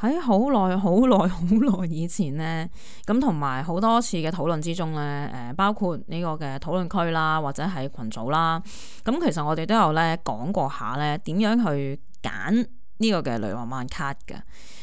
喺好耐、好耐、哎、好耐以前呢，咁同埋好多次嘅討論之中呢，誒，包括呢個嘅討論區啦，或者係群組啦，咁其實我哋都有咧講過下咧點樣去揀呢個嘅雷諾曼卡嘅。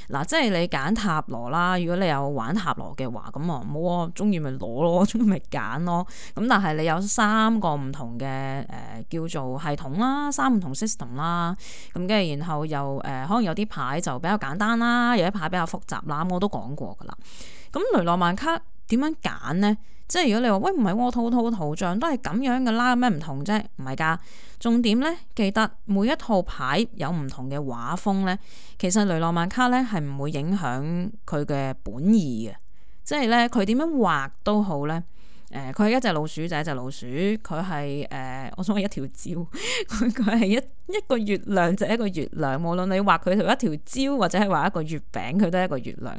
嗱，即係你揀塔羅啦，如果你有玩塔羅嘅話，咁啊，冇中意咪攞咯，中意咪揀咯。咁但係你有三個唔同嘅誒、呃、叫做系統啦，三唔同 system 啦。咁跟住，然後又誒、呃，可能有啲牌就比較簡單啦，有一排比較複雜啦，我都講過㗎啦。咁雷諾曼卡。點樣揀呢？即係如果你話喂唔係，我套套圖像都係咁樣嘅啦，有咩唔同啫？唔係噶，重點呢，記得每一套牌有唔同嘅畫風呢。其實雷諾曼卡呢係唔會影響佢嘅本意嘅，即係呢，佢點樣畫都好呢。誒、呃，佢係一隻老鼠就一隻老鼠，佢係誒，我想係一條蕉，佢佢係一一個月亮就一個月亮，無論你畫佢做一條蕉或者係畫一個月餅，佢都係一個月亮。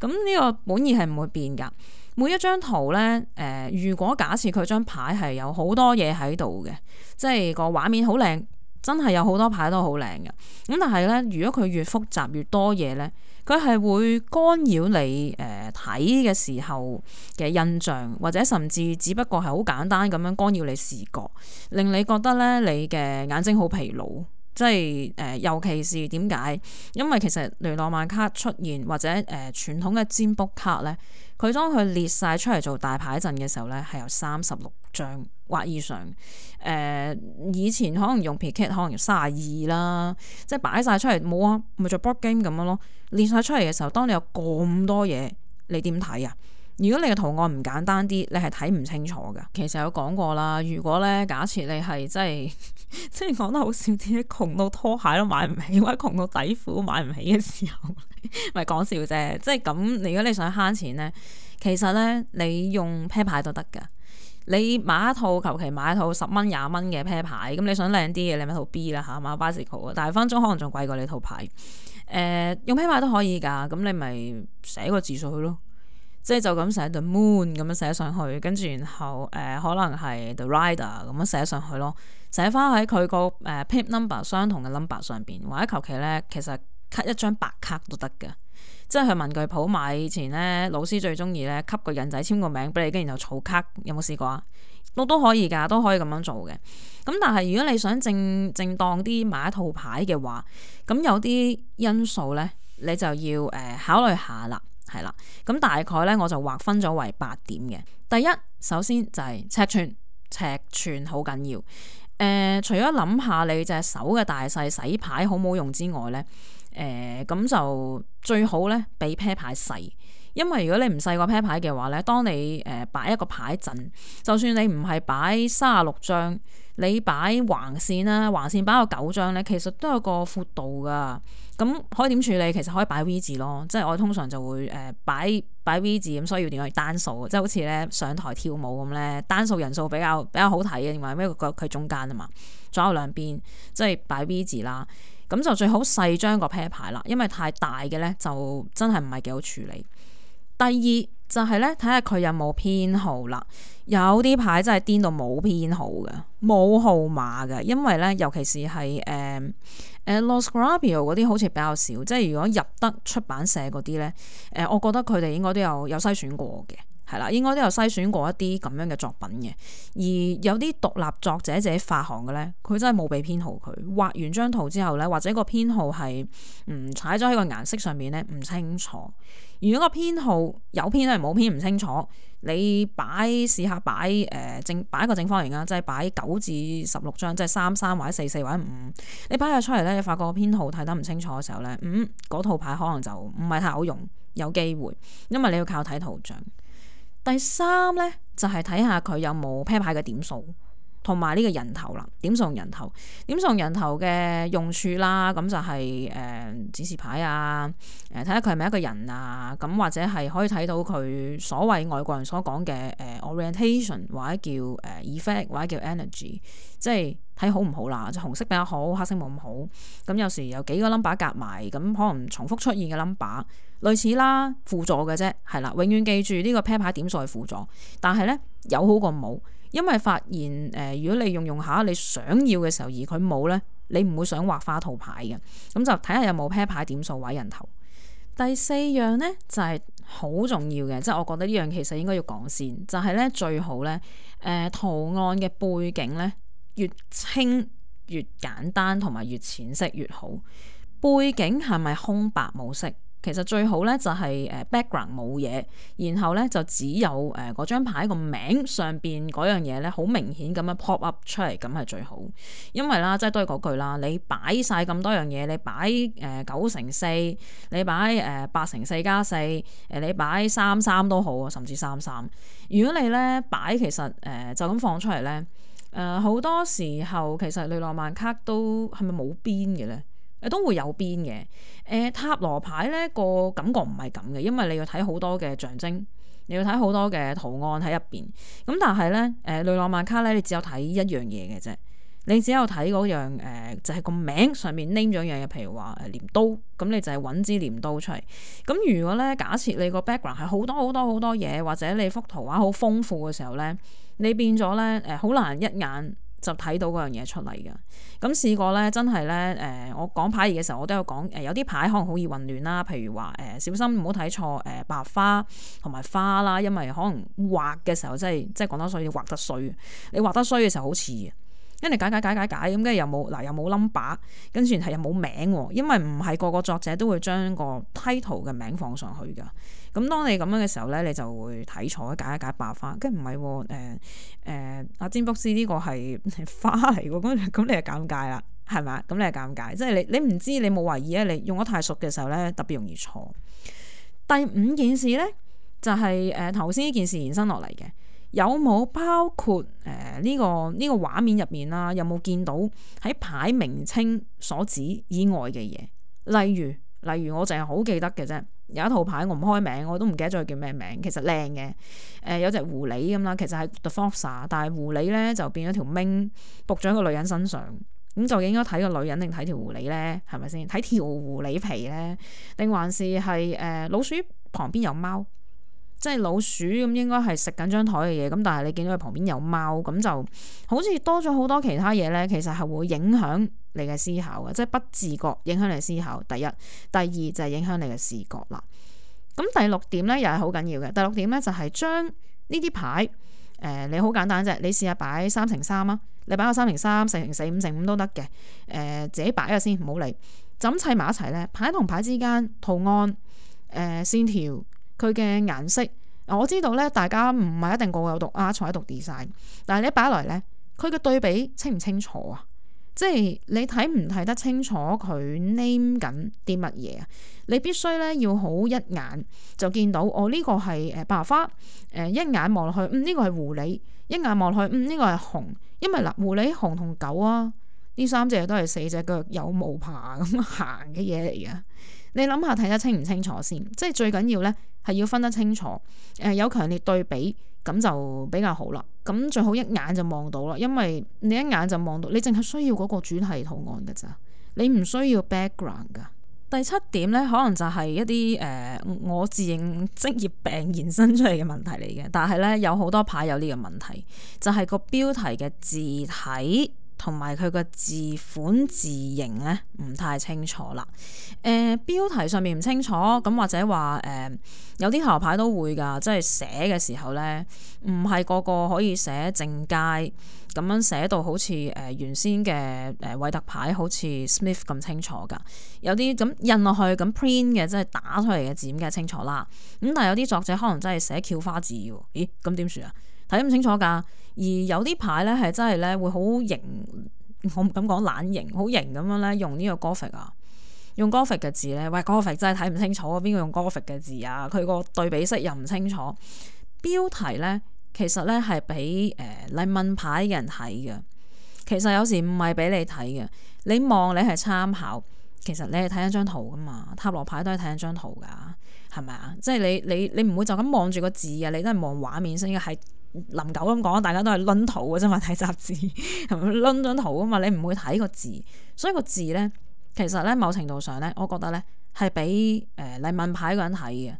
咁呢個本意係唔會變噶。每一張圖咧，誒、呃，如果假設佢張牌係有好多嘢喺度嘅，即係個畫面好靚，真係有好多牌都好靚嘅。咁但係咧，如果佢越複雜越多嘢咧，佢係會干擾你誒睇嘅時候嘅印象，或者甚至只不過係好簡單咁樣干擾你視覺，令你覺得咧你嘅眼睛好疲勞。即係誒、呃，尤其是點解？因為其實雷諾曼卡出現或者誒、呃，傳統嘅占卜卡咧。佢當佢列晒出嚟做大牌陣嘅時候咧，係有三十六張或以上。誒、呃，以前可能用 Piquette，可能要三十二啦，即係擺晒出嚟冇啊，咪做 board game 咁樣咯。列晒出嚟嘅時候，當你有咁多嘢，你點睇啊？如果你嘅圖案唔簡單啲，你係睇唔清楚㗎。其實有講過啦，如果咧假設你係真係，真係講得好少啲，窮到拖鞋都買唔起，或者窮到底褲買唔起嘅時候，咪講笑啫。即係咁，如果你想慳錢咧，其實咧你用啤牌都得噶。你買一套求其買一套十蚊廿蚊嘅啤牌，咁你想靚啲嘅，你買套 B 啦吓，買個 Bicycle，但係分鐘可能仲貴過你套牌。誒、呃，用啤牌都可以噶，咁你咪寫個字數去咯。即係就咁寫 the moon 咁樣寫上去，跟住然後誒、呃、可能係 the rider 咁樣寫上去咯，寫翻喺佢個誒 pip number 相同嘅 number 上邊。或者求其咧，其實 cut 一張白卡都得㗎，即係去文具鋪買。以前咧老師最中意咧，吸個印仔簽個名俾你，跟住然後儲卡，有冇試過啊？都都可以㗎，都可以咁樣做嘅。咁但係如果你想正正當啲買一套牌嘅話，咁有啲因素咧，你就要誒、呃、考慮下啦。係啦，咁大概咧我就劃分咗為八點嘅。第一，首先就係尺寸，尺寸好緊要。誒、呃，除咗諗下你隻手嘅大細洗牌好唔好用之外咧，誒、呃，咁就最好咧，俾啤牌細。因為如果你唔細過啤牌嘅話咧，當你誒擺一個牌陣，就算你唔係擺三十六張。你擺橫線啦，橫線擺個九張咧，其實都有個闊度噶，咁可以點處理？其實可以擺 V 字咯，即係我通常就會誒擺擺 V 字咁，所以要點去單數，即係好似咧上台跳舞咁咧，單數人數比較比較好睇嘅，因為咩？佢中間啊嘛，左右兩邊即係擺 V 字啦，咁就最好細張個 pair 牌啦，因為太大嘅咧就真係唔係幾好處理。第二就係咧睇下佢有冇編號啦。有啲牌真係癲到冇編號嘅，冇號碼嘅，因為咧，尤其是係誒誒 Los Grapio 嗰啲好似比較少，即係如果入得出版社嗰啲咧，誒、呃，我覺得佢哋應該都有有篩選過嘅，係啦，應該都有篩選過一啲咁樣嘅作品嘅。而有啲獨立作者自己發行嘅咧，佢真係冇畀編號，佢畫完張圖之後咧，或者個編號係唔踩咗喺個顏色上面咧，唔清楚。.如果個編號有編都係冇編唔清楚，你擺試下擺誒、呃、正擺一個正方形啊，即係擺九至十六張，即係三三或者四四或者五，你擺咗出嚟咧，你發覺個編號睇得唔清楚嘅時候咧，嗯，嗰套牌可能就唔係太好用，有機會，因為你要靠睇圖像。第三咧就係睇下佢有冇啤牌嘅點數。同埋呢個人頭啦，點送人頭？點送人頭嘅用處啦，咁就係誒指示牌啊，誒睇下佢係咪一個人啊，咁或者係可以睇到佢所謂外國人所講嘅誒 orientation，或者叫誒 effect，或者叫 energy，即係睇好唔好啦，就係紅色比較好，黑色冇咁好。咁有時有幾個 number 夾埋，咁可能重複出現嘅 number，類似啦，輔助嘅啫，係啦，永遠記住呢個 pair 牌點在輔助，但係咧有好過冇。因為發現，誒、呃，如果你用用下你想要嘅時候，而佢冇呢，你唔會想畫花圖牌嘅。咁就睇下有冇啤牌點數毀人頭。第四樣呢，就係、是、好重要嘅，即、就、係、是、我覺得呢樣其實應該要講先，就係、是、呢：最好呢，誒、呃、圖案嘅背景呢，越清越簡單，同埋越淺色越好。背景係咪空白模式？其實最好咧就係誒 background 冇嘢，然後咧就只有誒嗰張牌個名上邊嗰樣嘢，咧好明顯咁樣 pop up 出嚟，咁係最好。因為啦，即係都係嗰句啦，你擺晒咁多樣嘢，你擺誒九乘四，4, 你擺誒八乘四加四，誒你擺三三都好啊，甚至三三。如果你咧擺其實誒、呃、就咁放出嚟咧，誒、呃、好多時候其實雷諾曼卡都係咪冇邊嘅咧？是誒都會有邊嘅？誒、呃、塔羅牌咧個感覺唔係咁嘅，因為你要睇好多嘅象徵，你要睇好多嘅圖案喺入邊。咁但係咧，誒、呃、雷諾曼卡咧，你只有睇一樣嘢嘅啫。你只有睇嗰樣就係、是、個名上面 name 咗樣嘢。譬如話誒鐮刀，咁你就係揾支鐮刀出嚟。咁如果咧，假設你個 background 係好多好多好多嘢，或者你幅圖畫好豐富嘅時候咧，你變咗咧誒，好、呃、難一眼。就睇到嗰樣嘢出嚟嘅。咁試過咧，真係咧誒，我講牌嘅時候，我都有講誒，有啲牌可能好易混亂啦。譬如話誒、呃，小心唔好睇錯誒，白花同埋花啦，因為可能畫嘅時候真係即係講得碎，畫得衰。你畫得衰嘅時候好似嘅。因你解解解解解，咁跟住又冇嗱又冇 number，跟住然係又冇名，因為唔係個個作者都會將個 title 嘅名放上去噶。咁當你咁樣嘅時候咧，你就會睇錯，解一解白花，跟住唔係，誒誒阿詹姆斯呢個係花嚟嘅，咁咁你就尷尬啦，係咪？咁你就尷尬，即係你你唔知，你冇懷疑咧，你用得太熟嘅時候咧，特別容易錯。第五件事咧，就係誒頭先呢件事延伸落嚟嘅。有冇包括誒呢、呃呢個呢、呢個畫面入面啦？有冇見到喺牌名稱所指以外嘅嘢？例如例如我淨係好記得嘅啫，有一套牌我唔開名，我都唔記得咗佢叫咩名。其實靚嘅誒有隻狐狸咁啦，其實係 The Foxa，但係狐狸咧就變咗條命，仆咗喺個女人身上。咁究竟應該睇個女人定睇條狐狸咧？係咪先睇條狐狸皮咧？定還是係誒、呃、老鼠旁邊有貓？即係老鼠咁，應該係食緊張枱嘅嘢。咁但係你見到佢旁邊有貓，咁就好似多咗好多其他嘢呢。其實係會影響你嘅思考嘅，即係不自覺影響你嘅思考。第一、第二就係影響你嘅視覺啦。咁第六點呢，又係好緊要嘅。第六點呢，就係將呢啲牌，誒、呃、你好簡單啫，你試下擺三乘三啊，你擺個三乘三、四乘四五乘五都得嘅。誒自己擺下先，唔好理。枕砌埋一齊呢，牌同牌之間圖案，誒、呃、線條。佢嘅顏色，我知道咧，大家唔係一定個個有讀啊，坐喺度 design，但係你一擺落嚟咧，佢嘅對比清唔清楚啊？即係你睇唔睇得清楚佢 name 緊啲乜嘢啊？你必須咧要好一眼就見到，哦，呢、這個係誒白花，誒、呃、一眼望落去，嗯呢、這個係狐狸，一眼望落去，嗯呢、這個係熊，因為嗱、呃、狐狸、熊同狗啊，呢三隻都係四隻腳有毛爬咁行嘅嘢嚟嘅。你諗下睇得清唔清楚先？即係最緊要呢，係要分得清楚。誒，有強烈對比咁就比較好啦。咁最好一眼就望到啦，因為你一眼就望到，你淨係需要嗰個主題圖案噶咋，你唔需要 background 噶。第七點呢，可能就係一啲誒、呃，我自認職業病延伸出嚟嘅問題嚟嘅，但係呢，有好多牌有呢個問題，就係、是、個標題嘅字體。同埋佢個字款字形咧唔太清楚啦。誒、呃、標題上面唔清楚，咁或者話誒、呃、有啲頭牌都會㗎，即係寫嘅時候咧，唔係個個可以寫正楷咁樣寫到好似誒原先嘅誒韋特牌好似 Smith 咁清楚㗎。有啲咁印落去咁 print 嘅，即係打出嚟嘅字咁梗係清楚啦。咁但係有啲作者可能真係寫翹花字喎，咦咁點算啊？睇唔清楚噶，而有啲牌咧係真係咧會好型，我唔敢講懶型，好型咁樣咧用呢個 Gothic 啊，用 Gothic 嘅字咧，喂 Gothic 真係睇唔清楚，邊個用 Gothic 嘅字啊？佢個對比色又唔清楚，標題咧其實咧係俾誒禮問牌嘅人睇嘅，其實有時唔係俾你睇嘅，你望你係參考，其實你係睇一張圖噶嘛，塔羅牌都係睇一張圖噶，係咪啊？即係你你你唔會就咁望住個字啊，你都係望畫面先嘅，係。林九咁講，大家都係攆圖嘅啫嘛。睇雜誌，攆 咗圖啊嘛。你唔會睇個字，所以個字咧，其實咧，某程度上咧，我覺得咧係畀誒嚟問牌嘅人睇嘅，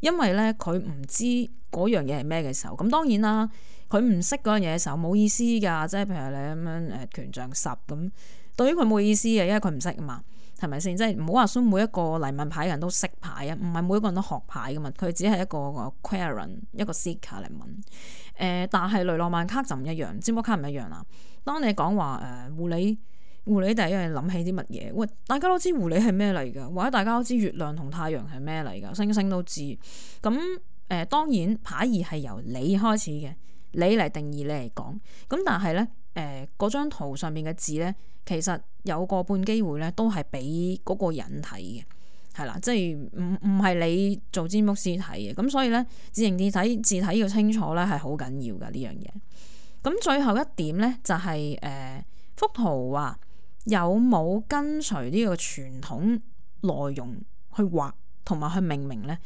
因為咧佢唔知嗰樣嘢係咩嘅時候。咁當然啦，佢唔識嗰樣嘢嘅時候冇意思㗎。即係譬如你咁樣誒權杖十咁，對於佢冇意思嘅，因為佢唔識啊嘛，係咪先？即係唔好話，所以每一個嚟問牌嘅人都識牌啊，唔係每一個人都學牌噶嘛。佢只係一個 querent，一個 seeker 嚟問。誒、呃，但係雷諾曼卡就唔一樣，占卜卡唔一樣啦。當你講話誒，狐狸狐狸，第一樣諗起啲乜嘢？喂，大家都知狐狸係咩嚟噶，或者大家都知月亮同太陽係咩嚟噶，星星都知。咁、嗯、誒、呃，當然牌二係由你開始嘅，你嚟定義你講，你嚟講。咁但係咧，誒嗰張圖上面嘅字咧，其實有個半機會咧都係俾嗰個人睇嘅。係啦，即係唔唔係你做占卜師睇嘅，咁所以咧，字形字體字體，要清楚咧，係好緊要噶呢樣嘢。咁最後一點咧、就是，就係誒幅圖啊，有冇跟隨呢個傳統內容去畫同埋去命名咧？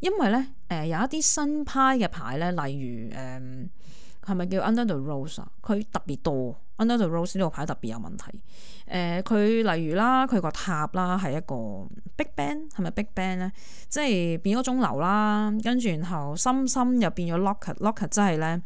因為咧誒、呃、有一啲新派嘅牌咧，例如誒係咪叫 Under the Rose？佢特別多。Under the Rose 呢個牌特別有問題，誒、呃、佢例如啦，佢個塔啦係一個 big band，係咪 big band 咧？即係變咗鐘樓啦，跟住然後深深又變咗 locker，locker 即係咧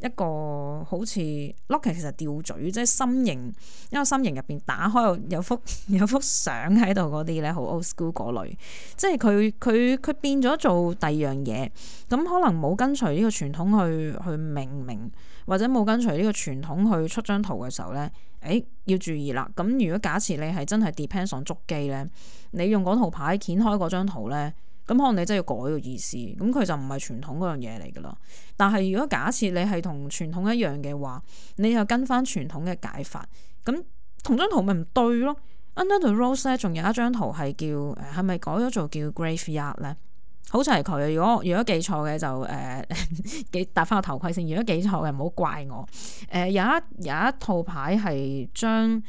一個好似 locker 其實吊嘴，即係心形一個心形入邊打開有幅 有幅相喺度嗰啲咧，好 old school 嗰類，即係佢佢佢變咗做第二樣嘢，咁可能冇跟隨呢個傳統去去命名。或者冇跟隨呢個傳統去出張圖嘅時候呢，誒、欸、要注意啦。咁如果假設你係真係 depend on 捉機呢，你用嗰圖牌掀開嗰張圖咧，咁可能你真係要改個意思，咁佢就唔係傳統嗰樣嘢嚟㗎啦。但係如果假設你係同傳統一樣嘅話，你就跟翻傳統嘅解法，咁同張圖咪唔對咯。Under the Rose 呢，仲有一張圖係叫係咪改咗做叫 graveyard 咧？好齊佢，如果如果記錯嘅就誒記戴翻個頭盔先。如果記錯嘅唔好怪我。誒、呃、有一有一套牌係將誒呢、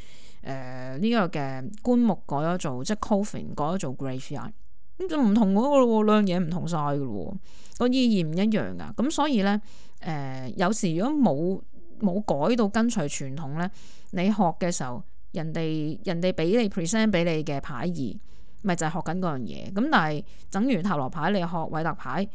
呃這個嘅棺木改咗做，即係 coffin 改咗做 graveyard。咁就唔同嗰個喎，兩樣嘢唔同晒嘅喎，個意義唔一樣㗎。咁所以咧誒、呃，有時如果冇冇改到跟隨傳統咧，你學嘅時候人哋人哋俾你 present 俾你嘅牌義，咪就係學緊嗰樣嘢，咁但係整完塔羅牌，你學韋特牌。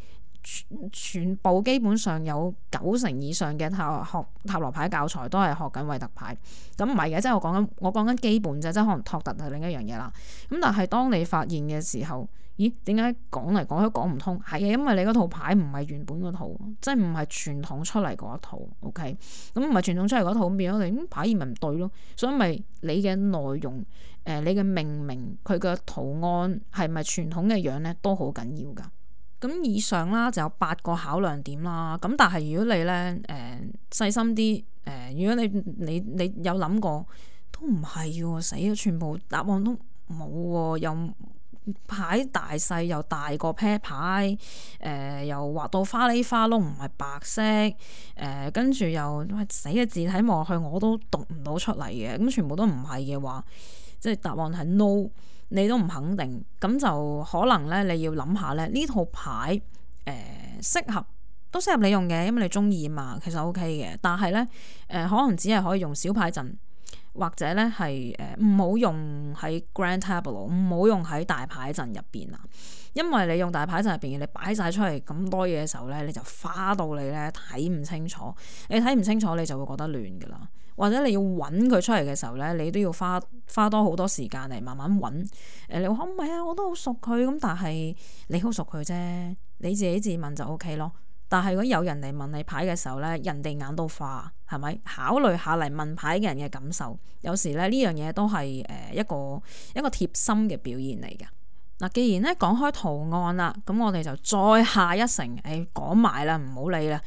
全部基本上有九成以上嘅塔學塔羅牌教材都係學緊韋特牌，咁唔係嘅，即係我講緊我講緊基本啫，即係可能托特係另一樣嘢啦。咁但係當你發現嘅時候，咦？點解講嚟講去講唔通？係嘅，因為你嗰套牌唔係原本嗰套，即係唔係傳統出嚟嗰套。OK，咁唔係傳統出嚟嗰套，變咗你牌意咪唔對咯。所以咪你嘅內容，誒、呃，你嘅命名，佢嘅圖案係咪傳統嘅樣咧，都好緊要噶。咁以上啦，就有八個考量點啦。咁但係如果你咧，誒、呃、細心啲，誒、呃、如果你你你有諗過，都唔係喎，死啊！全部答案都冇喎，又牌大細又大過 pair 牌，誒、呃、又畫到花呢花窿，唔係白色，誒、呃、跟住又死嘅字體望落去，我都讀唔到出嚟嘅。咁全部都唔係嘅話，即係答案係 no。你都唔肯定，咁就可能咧，你要諗下咧，呢套牌，誒、呃、適合都適合你用嘅，因為你中意嘛，其實 OK 嘅。但係咧，誒、呃、可能只係可以用小牌陣，或者咧係誒唔好用。喺 grand tableau 唔好用喺大牌陣入邊啊，因為你用大牌陣入邊，你擺晒出嚟咁多嘢嘅時候咧，你就花到你咧睇唔清楚，你睇唔清楚你就會覺得亂噶啦，或者你要揾佢出嚟嘅時候咧，你都要花花多好多時間嚟慢慢揾。誒，你話唔係啊，我都好熟佢，咁但係你好熟佢啫，你自己自問就 OK 咯。但係如果有人嚟問你牌嘅時候呢，人哋眼都花，係咪？考慮下嚟問牌嘅人嘅感受，有時咧呢樣嘢都係誒一個一個貼心嘅表現嚟嘅。嗱，既然咧講開圖案啦，咁我哋就再下一城誒講埋啦，唔好理啦。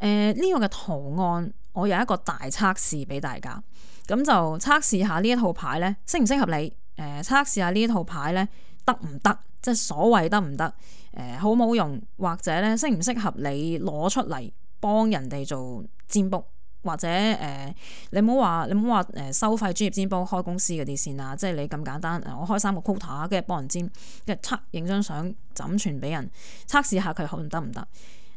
誒呢個嘅圖案，我有一個大測試俾大家，咁就測試下呢一套牌呢，適唔適合你？誒測試下呢一套牌呢，得唔得？即係所謂得唔得，誒、呃、好唔好用，或者咧適唔適合你攞出嚟幫人哋做占卜，或者誒、呃、你唔好話你唔好話誒收費專業占卜開公司嗰啲先啦，即係你咁簡單，我開三個 quota 跟住幫人占，跟住測影張相，怎傳俾人測試下佢可唔得唔得？誒、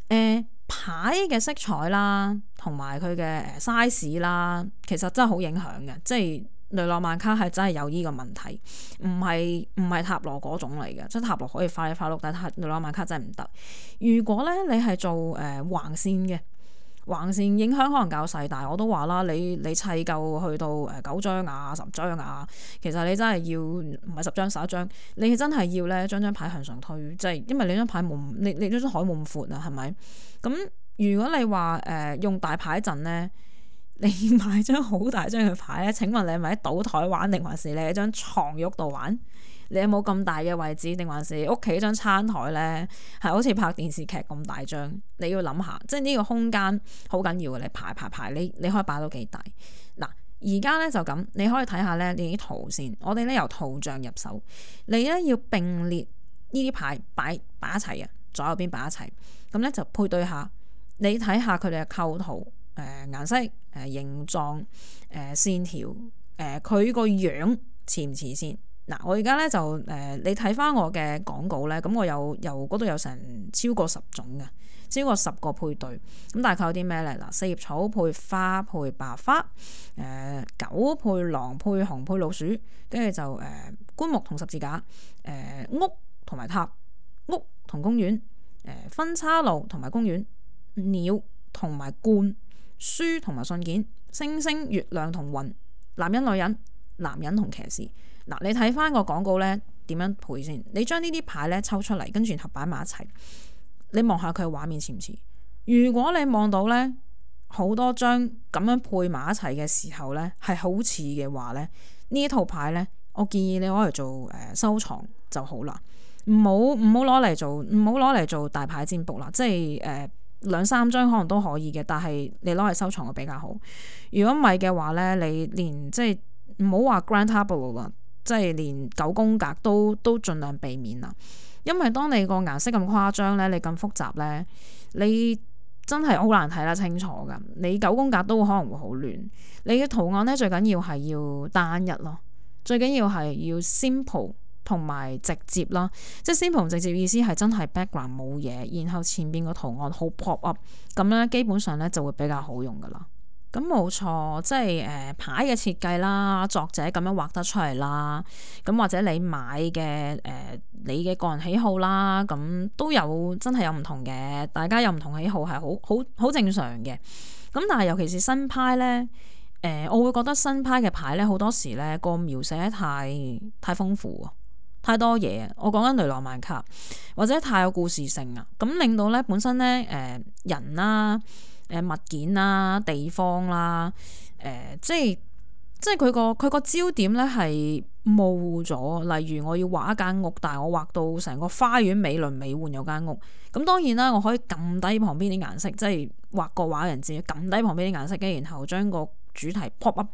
呃、牌嘅色彩啦，同埋佢嘅 size 啦，其實真係好影響嘅，即係。雷諾曼卡係真係有呢個問題，唔係唔係塔羅嗰種嚟嘅，即係塔羅可以快一快碌，但係雷諾曼卡真係唔得。如果咧你係做誒橫、呃、線嘅，橫線影響可能較細，但係我都話啦，你你砌夠去到誒九張啊十張啊，其實你真係要唔係十張十一張，你真係要咧張張牌向上推，即係因為你張牌冇，你你張張牌冇咁闊啊，係咪？咁如果你話誒、呃、用大牌陣咧？你買張好大張嘅牌咧？請問你係咪喺賭台玩定還是你喺張床褥度玩？你有冇咁大嘅位置？定還是屋企張餐台呢？係好似拍電視劇咁大張？你要諗下，即係呢個空間好緊要嘅。你排排排，你你可以擺到幾大？嗱，而家呢就咁，你可以睇下呢呢啲圖先。我哋呢由圖像入手，你呢要並列呢啲牌擺擺一齊呀，左右邊擺一齊，咁呢就配對下。你睇下佢哋嘅構圖。誒，顏、呃、色、誒、呃、形狀、誒線條，誒佢個樣似唔似先嗱、呃？我而家咧就誒、呃，你睇翻我嘅廣告咧，咁、呃、我有由嗰度有成超過十種嘅，超過十個配對咁。大概有啲咩咧嗱？四葉草配花配白花，誒、呃、狗配狼配熊配老鼠，跟住就誒、呃、棺木同十字架，誒、呃、屋同埋塔屋同公園，誒、呃、分叉路同埋公園鳥同埋罐。書同埋信件，星星、月亮同雲，男人、女人，男人同騎士。嗱、啊，你睇翻個廣告呢，點樣配先？你將呢啲牌咧抽出嚟，跟住合齊擺埋一齊，你望下佢嘅畫面似唔似？如果你望到呢好多張咁樣配埋一齊嘅時候呢係好似嘅話呢，呢套牌呢，我建議你攞嚟做誒、呃、收藏就好啦，唔好唔好攞嚟做，唔好攞嚟做大牌占卜啦，即係誒。呃兩三張可能都可以嘅，但係你攞嚟收藏會比較好。如果唔係嘅話呢，你連即係唔好話 grand tableau 即係連九宮格都都盡量避免啦。因為當你個顏色咁誇張呢，你咁複雜呢，你真係好難睇得清楚㗎。你九宮格都可能會好亂。你嘅圖案呢，最緊要係要單一咯，最緊要係要 simple。同埋直接啦，即係鮮明直接，意思係真係 background 冇嘢，然後前邊個圖案好 pop up 咁咧，基本上咧就會比較好用噶啦咁冇錯，即係誒、呃、牌嘅設計啦，作者咁樣畫得出嚟啦，咁或者你買嘅誒、呃、你嘅個人喜好啦，咁都有真係有唔同嘅，大家有唔同喜好係好好好正常嘅。咁但係尤其是新派咧，誒、呃、我會覺得新派嘅牌咧好多時咧個描寫太太豐富。太多嘢，我講緊雷諾曼卡或者太有故事性、呃、啊，咁令到咧本身咧誒人啦、誒物件啦、啊、地方啦、啊、誒、呃、即係即係佢個佢個焦點咧係模糊咗。例如我要畫一間屋，但係我畫到成個花園美輪美奐有間屋。咁當然啦，我可以撳低旁邊啲顏色，即係畫個畫人字撳低旁邊啲顏色嘅，然後將個主題 pop up。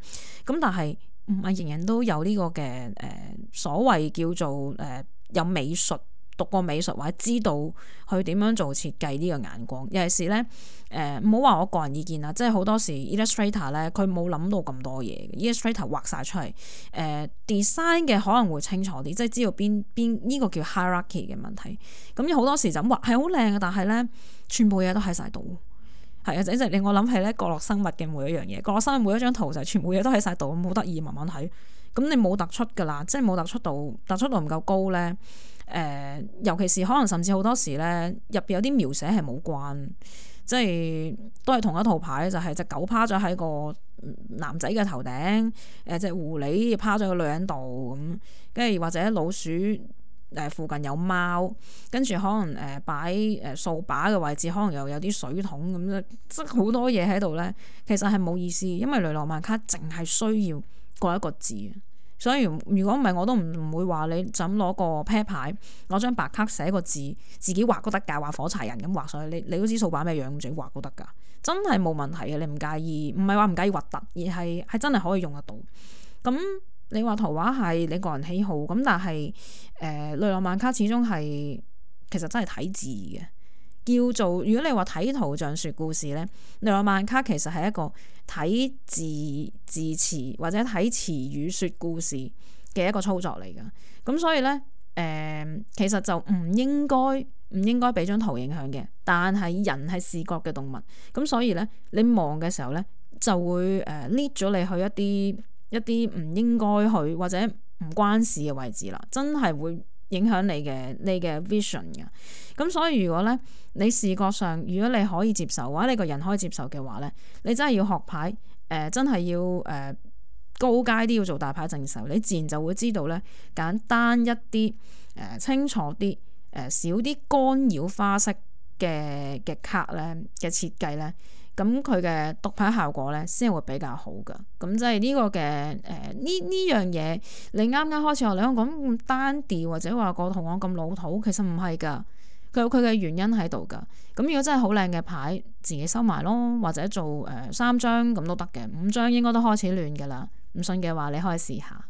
咁但係。唔係人人都有呢個嘅誒、呃、所謂叫做誒、呃、有美術讀過美術或者知道去點樣做設計呢個眼光，尤其是咧誒唔好話我個人意見啦，即係好多時 illustrator 咧佢冇諗到咁多嘢，illustrator 畫晒出嚟誒 design 嘅可能會清楚啲，即係知道邊邊呢個叫 hierarchy 嘅問題，咁有好多時就咁畫係好靚嘅，但係咧全部嘢都喺晒度。係啊，整係令我諗起咧角落生物嘅每一樣嘢，角落生物每一張圖就全部嘢都喺曬度咁，好得意，慢慢睇。咁你冇突出噶啦，即係冇突出度，突出度唔夠高咧。誒、呃，尤其是可能甚至好多時咧入邊有啲描寫係冇關，即係都係同一套牌，就係、是、隻狗趴咗喺個男仔嘅頭頂，誒隻狐狸趴咗個女人度咁，跟住或者老鼠。誒，附近有貓，跟住可能誒擺誒掃把嘅位置，可能又有啲水桶咁咧，即好多嘢喺度咧。其實係冇意思，因為雷諾曼卡淨係需要嗰一個字。所以如果唔係，我都唔唔會話你就咁攞個啤牌，攞張白卡寫個字，自己畫都得噶，畫火柴人咁畫上去。你你都知掃把咩樣，咁就畫都得噶，真係冇問題嘅。你唔介意，唔係話唔介意核突，而係係真係可以用得到。咁你畫圖畫係你個人喜好咁，但係。誒雷羅曼卡始終係其實真係睇字嘅，叫做如果你話睇圖像說故事咧，雷羅曼卡其實係一個睇字字詞或者睇詞語說故事嘅一個操作嚟㗎。咁所以咧，誒、呃、其實就唔應該唔應該俾張圖影響嘅。但係人係視覺嘅動物，咁所以咧你望嘅時候咧就會誒 lead 咗你去一啲。一啲唔應該去或者唔關事嘅位置啦，真係會影響你嘅你嘅 vision 嘅。咁所以如果咧你視覺上，如果你可以接受嘅話，或者你個人可以接受嘅話咧，你真係要學牌，誒、呃、真係要誒、呃、高階啲要做大牌正嘅時候，你自然就會知道咧簡單一啲誒、呃、清楚啲誒、呃、少啲干擾花式嘅嘅卡咧嘅設計咧。咁佢嘅獨牌效果咧，先會比較好噶。咁即係呢個嘅誒呢呢樣嘢，你啱啱開始學，你兩講咁單調，或者話個圖案咁老土，其實唔係噶，佢有佢嘅原因喺度噶。咁如果真係好靚嘅牌，自己收埋咯，或者做誒、呃、三張咁都得嘅，五張應該都開始亂噶啦。唔信嘅話，你可以試下。